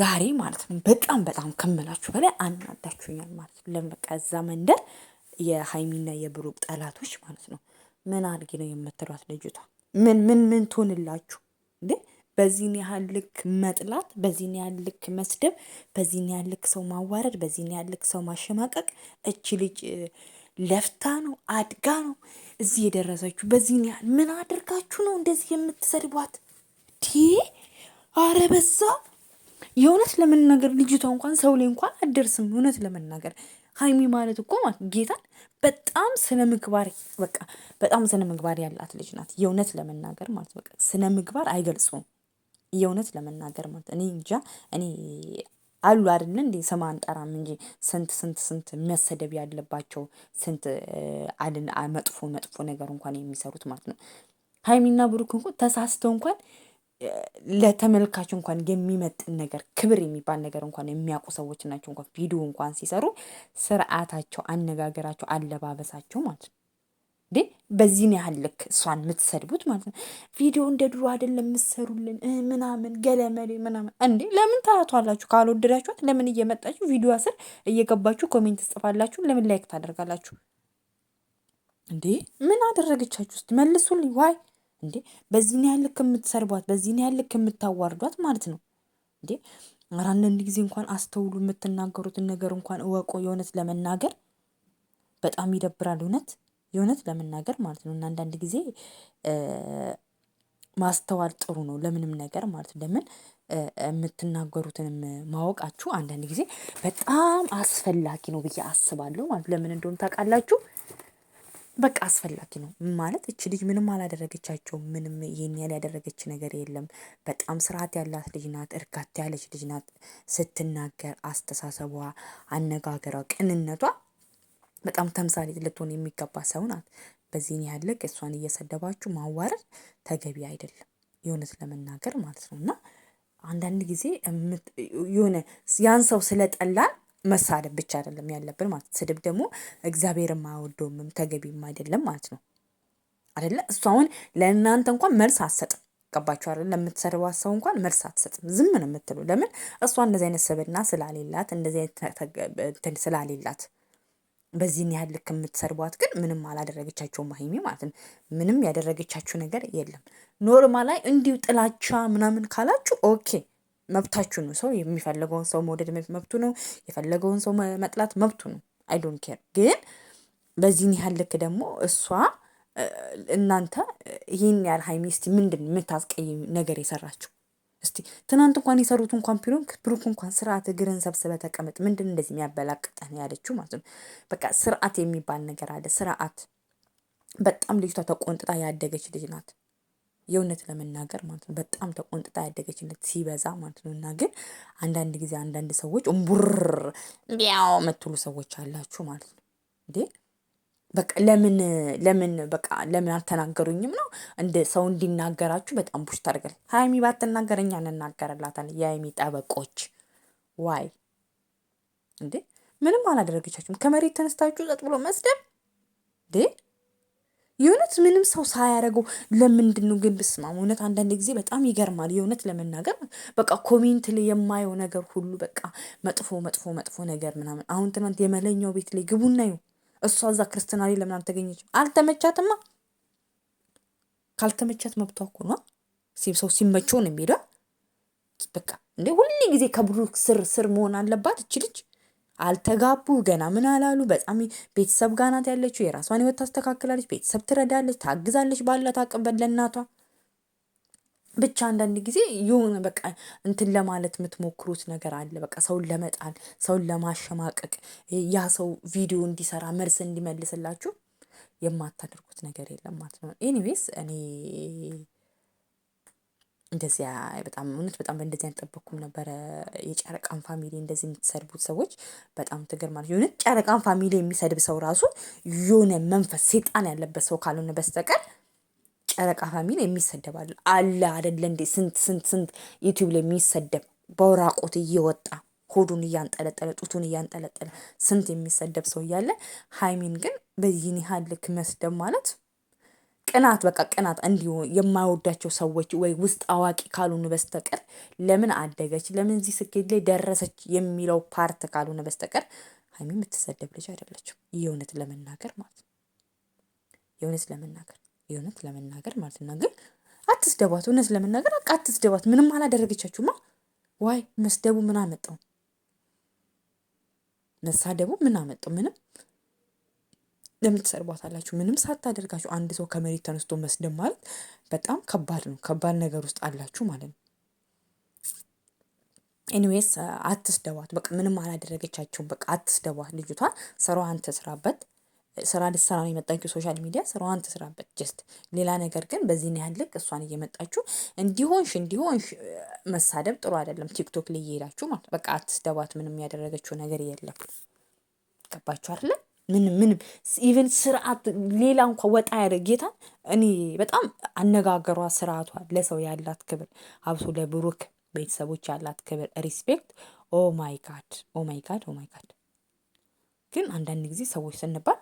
ዛሬ ማለት ነው በጣም በጣም ከምላችሁ በላይ አናዳችሁኛል ማለት ነው። ለምን በቃ እዛ መንደር የሀይሚና የብሩቅ ጠላቶች ማለት ነው። ምን አድርጌ ነው የምትሏት ልጅቷ? ምን ምን ምን ትሆንላችሁ እንዴ? በዚህን ያህል ልክ መጥላት፣ በዚህን ያህል ልክ መስደብ፣ በዚህን ያህል ልክ ሰው ማዋረድ፣ በዚህን ያህል ልክ ሰው ማሸማቀቅ። እቺ ልጅ ለፍታ ነው አድጋ ነው እዚህ የደረሰችው። በዚህን ያህል ምን አድርጋችሁ ነው እንደዚህ የምትሰድቧት? ዲ አረ በዛ የእውነት ለመናገር ልጅቷ እንኳን ሰው ላይ እንኳን አደርስም። እውነት ለመናገር ሀይሚ ማለት እኮ ጌታን በጣም ስነ ምግባር በቃ በጣም ስነ ምግባር ያላት ልጅ ናት። የእውነት ለመናገር ማለት በቃ ስነ ምግባር አይገልጹም። የእውነት ለመናገር ማለት እኔ እንጃ እኔ አሉ አይደለ እንዴ ስም አንጠራም እንጂ ስንት ስንት ስንት መሰደብ ያለባቸው ስንት መጥፎ መጥፎ ነገር እንኳን የሚሰሩት ማለት ነው። ሀይሚና ብሩክ እንኳን ተሳስተው እንኳን ለተመልካች እንኳን የሚመጥን ነገር ክብር የሚባል ነገር እንኳን የሚያውቁ ሰዎች ናቸው። እንኳን ቪዲዮ እንኳን ሲሰሩ ስርዓታቸው፣ አነጋገራቸው፣ አለባበሳቸው ማለት ነው። በዚህን ያህል ልክ እሷን የምትሰድቡት ማለት ነው። ቪዲዮ እንደ ድሮ አይደለም የምትሰሩልን ምናምን ገለመሌ ምናምን። እንዴ ለምን ታያቷላችሁ? ካልወደዳችኋት ለምን እየመጣችሁ ቪዲዮ ስር እየገባችሁ ኮሜንት ትጽፋላችሁ? ለምን ላይክ ታደርጋላችሁ? እንዴ ምን አደረገቻችሁ? ውስጥ መልሱልኝ ዋይ እንዴ በዚህን ያህል ልክ የምትሰርቧት በዚህን ያህል ልክ የምታዋርዷት ማለት ነው እንዴ። ኧረ አንዳንድ ጊዜ እንኳን አስተውሉ፣ የምትናገሩትን ነገር እንኳን እወቁ። የእውነት ለመናገር በጣም ይደብራል። እውነት የእውነት ለመናገር ማለት ነው። እና አንዳንድ ጊዜ ማስተዋል ጥሩ ነው ለምንም ነገር ማለት ነው። ለምን የምትናገሩትንም ማወቃችሁ አንዳንድ ጊዜ በጣም አስፈላጊ ነው ብዬ አስባለሁ ማለት ለምን እንደሆነ ታውቃላችሁ? በቃ አስፈላጊ ነው ማለት እች ልጅ ምንም አላደረገቻቸው። ምንም ይህን ያህል ያደረገች ነገር የለም። በጣም ስርዓት ያላት ልጅ ናት። እርጋታ ያለች ልጅ ናት። ስትናገር አስተሳሰቧ፣ አነጋገሯ፣ ቅንነቷ በጣም ተምሳሌ ልትሆን የሚገባ ሰው ናት። በዚህን ያህል ልክ እሷን እየሰደባችሁ ማዋረድ ተገቢ አይደለም፣ የእውነት ለመናገር ማለት ነው እና አንዳንድ ጊዜ የሆነ ያን ሰው ስለጠላን መሳደብ ብቻ አይደለም ያለብን ማለት ነው። ስድብ ደግሞ እግዚአብሔር የማይወደውምም ተገቢም አይደለም ማለት ነው አደለ? እሱ አሁን ለእናንተ እንኳን መልስ አትሰጥም። ገባችኋል? ለምትሰድቧት ሰው እንኳን መልስ አትሰጥም። ዝም ነው የምትሉ። ለምን? እሷ እንደዚህ አይነት ስብና ስላሌላት፣ እንደዚህ አይነት ስላሌላት በዚህን ያህል ልክ የምትሰርቧት ግን ምንም አላደረገቻቸው ማሂሚ ማለት ነው ምንም ያደረገቻችሁ ነገር የለም። ኖርማ ላይ እንዲሁ ጥላቻ ምናምን ካላችሁ ኦኬ መብታችሁ ነው። ሰው የሚፈልገውን ሰው መውደድ መብቱ ነው። የፈለገውን ሰው መጥላት መብቱ ነው። አይ ኬር። ግን በዚህን ያህል ልክ ደግሞ እሷ እናንተ ይህን ያህል ሀይሚ እስቲ ምንድን የምታስቀይ ነገር የሰራችው እስቲ ትናንት እንኳን የሰሩት እንኳን ቢሆን ብሩክ እንኳን ስርዓት እግርን ሰብስበ ተቀመጥ ምንድን እንደዚህ የሚያበላቅጠህ ነው ያለችው ማለት ነው። በቃ ስርዓት የሚባል ነገር አለ። ስርዓት በጣም ልጅቷ ተቆንጥጣ ያደገች ልጅ ናት። የእውነት ለመናገር ማለት ነው በጣም ተቆንጥጣ ያደገችለት ሲበዛ ማለት ነው። እና ግን አንዳንድ ጊዜ አንዳንድ ሰዎች ቡር ቢያው መትሉ ሰዎች አላችሁ ማለት ነው እንዴ በቃ ለምን ለምን በቃ ለምን አልተናገሩኝም ነው እንደ ሰው እንዲናገራችሁ በጣም ቡሽ ታደርጋል። ሀይሚ ባትናገር እኛ እንናገርላታለን። የሀይሚ ጠበቆች ዋይ እንዴ ምንም አላደረገቻችሁም። ከመሬት ተነስታችሁ ጸጥ ብሎ መስደብ እንዴ ያደረጉት ምንም ሰው ሳያደረጉ ለምንድን ነው ግን? ብስማም እውነት አንዳንድ ጊዜ በጣም ይገርማል። የእውነት ለመናገር በቃ ኮሜንት ላይ የማየው ነገር ሁሉ በቃ መጥፎ መጥፎ መጥፎ ነገር ምናምን። አሁን ትናንት የመለኛው ቤት ላይ ግቡና ይሁ እሷ እዛ ክርስትና ላይ ለምን አልተገኘችም? አልተመቻትማ። ካልተመቻት መብቷ እኮ ነው። ሰው ሲመቸው ነው የሚሄደው። በቃ እንደ ሁሌ ጊዜ ከብሩክ ስር ስር መሆን አለባት እች ልጅ። አልተጋቡ ገና ምን አላሉ። በጣም ቤተሰብ ጋር ናት ያለችው። የራሷን ህይወት ታስተካክላለች፣ ቤተሰብ ትረዳለች፣ ታግዛለች፣ ባላት አቅም ለእናቷ ብቻ አንዳንድ ጊዜ የሆነ በቃ እንትን ለማለት የምትሞክሩት ነገር አለ። በቃ ሰውን ለመጣል፣ ሰውን ለማሸማቀቅ፣ ያ ሰው ቪዲዮ እንዲሰራ መልስ እንዲመልስላችሁ የማታደርጉት ነገር የለም ማለት ነው። ኤኒዌይስ እኔ እንደዚያ በጣም እውነት በጣም በእንደዚህ አልጠበኩም ነበረ። የጨረቃን ፋሚሊ እንደዚህ የምትሰድቡት ሰዎች በጣም ትገርማለች። የሆነ ጨረቃን ፋሚሊ የሚሰድብ ሰው ራሱ የሆነ መንፈስ ሴጣን ያለበት ሰው ካልሆነ በስተቀር ጨረቃ ፋሚሊ የሚሰደባል አለ አደለ እንዴ? ስንት ስንት ስንት ዩቲዩብ ላይ የሚሰደብ በወራቆት እየወጣ ሆዱን እያንጠለጠለ ጡቱን እያንጠለጠለ ስንት የሚሰደብ ሰው እያለ ሀይሚን ግን በዚህን ያህል ልክ መስደብ ማለት ቅናት በቃ ቅናት እንዲሁ የማይወዳቸው ሰዎች ወይ ውስጥ አዋቂ ካልሆኑ በስተቀር ለምን አደገች፣ ለምን እዚህ ስኬት ላይ ደረሰች የሚለው ፓርት ካልሆነ በስተቀር ሀይሚ የምትሰደብ ልጅ አይደለችም። የእውነት ለመናገር ማለት ነው። የእውነት ለመናገር የእውነት ለመናገር ማለት ነው። ግን አትስደቧት፣ እውነት ለመናገር በቃ አትስደቧት። ምንም አላደረገቻችሁማ። ዋይ መስደቡ ምን አመጣው? መሳደቡ ምን አመጣው? ምንም ለምን ምንም ሳታደርጋችሁ አንድ ሰው ከመሬት ተነስቶ መስደብ ማለት በጣም ከባድ ነው። ከባድ ነገር ውስጥ አላችሁ ማለት ነው። ኤኒዌይስ አትስደቧት። በቃ ምንም አላደረገቻቸውም። በቃ አትስደቧት። ልጅቷ ስራዋን ትስራበት። ስራ ልትሰራ ነው የመጣችው ሶሻል ሚዲያ ስራዋን ትስራበት። ጀስት ሌላ ነገር ግን በዚህን ያህል ልክ እሷን እየመጣችሁ እንዲሆንሽ እንዲሆንሽ መሳደብ ጥሩ አይደለም። ቲክቶክ ላይ እየሄዳችሁ ማለት በቃ አትስደቧት። ምንም ያደረገችው ነገር የለም። ገባችሁ አይደለም? ምንም ምንም ኢቨን ስርዓት ሌላ እንኳ ወጣ ያለ ጌታ እኔ በጣም አነጋገሯ ስርዓቷ ለሰው ያላት ክብር አብሶ ለብሩክ ቤተሰቦች ያላት ክብር ሪስፔክት ኦ ማይ ጋድ ኦ ማይ ጋድ ኦ ማይ ጋድ። ግን አንዳንድ ጊዜ ሰዎች ስንባል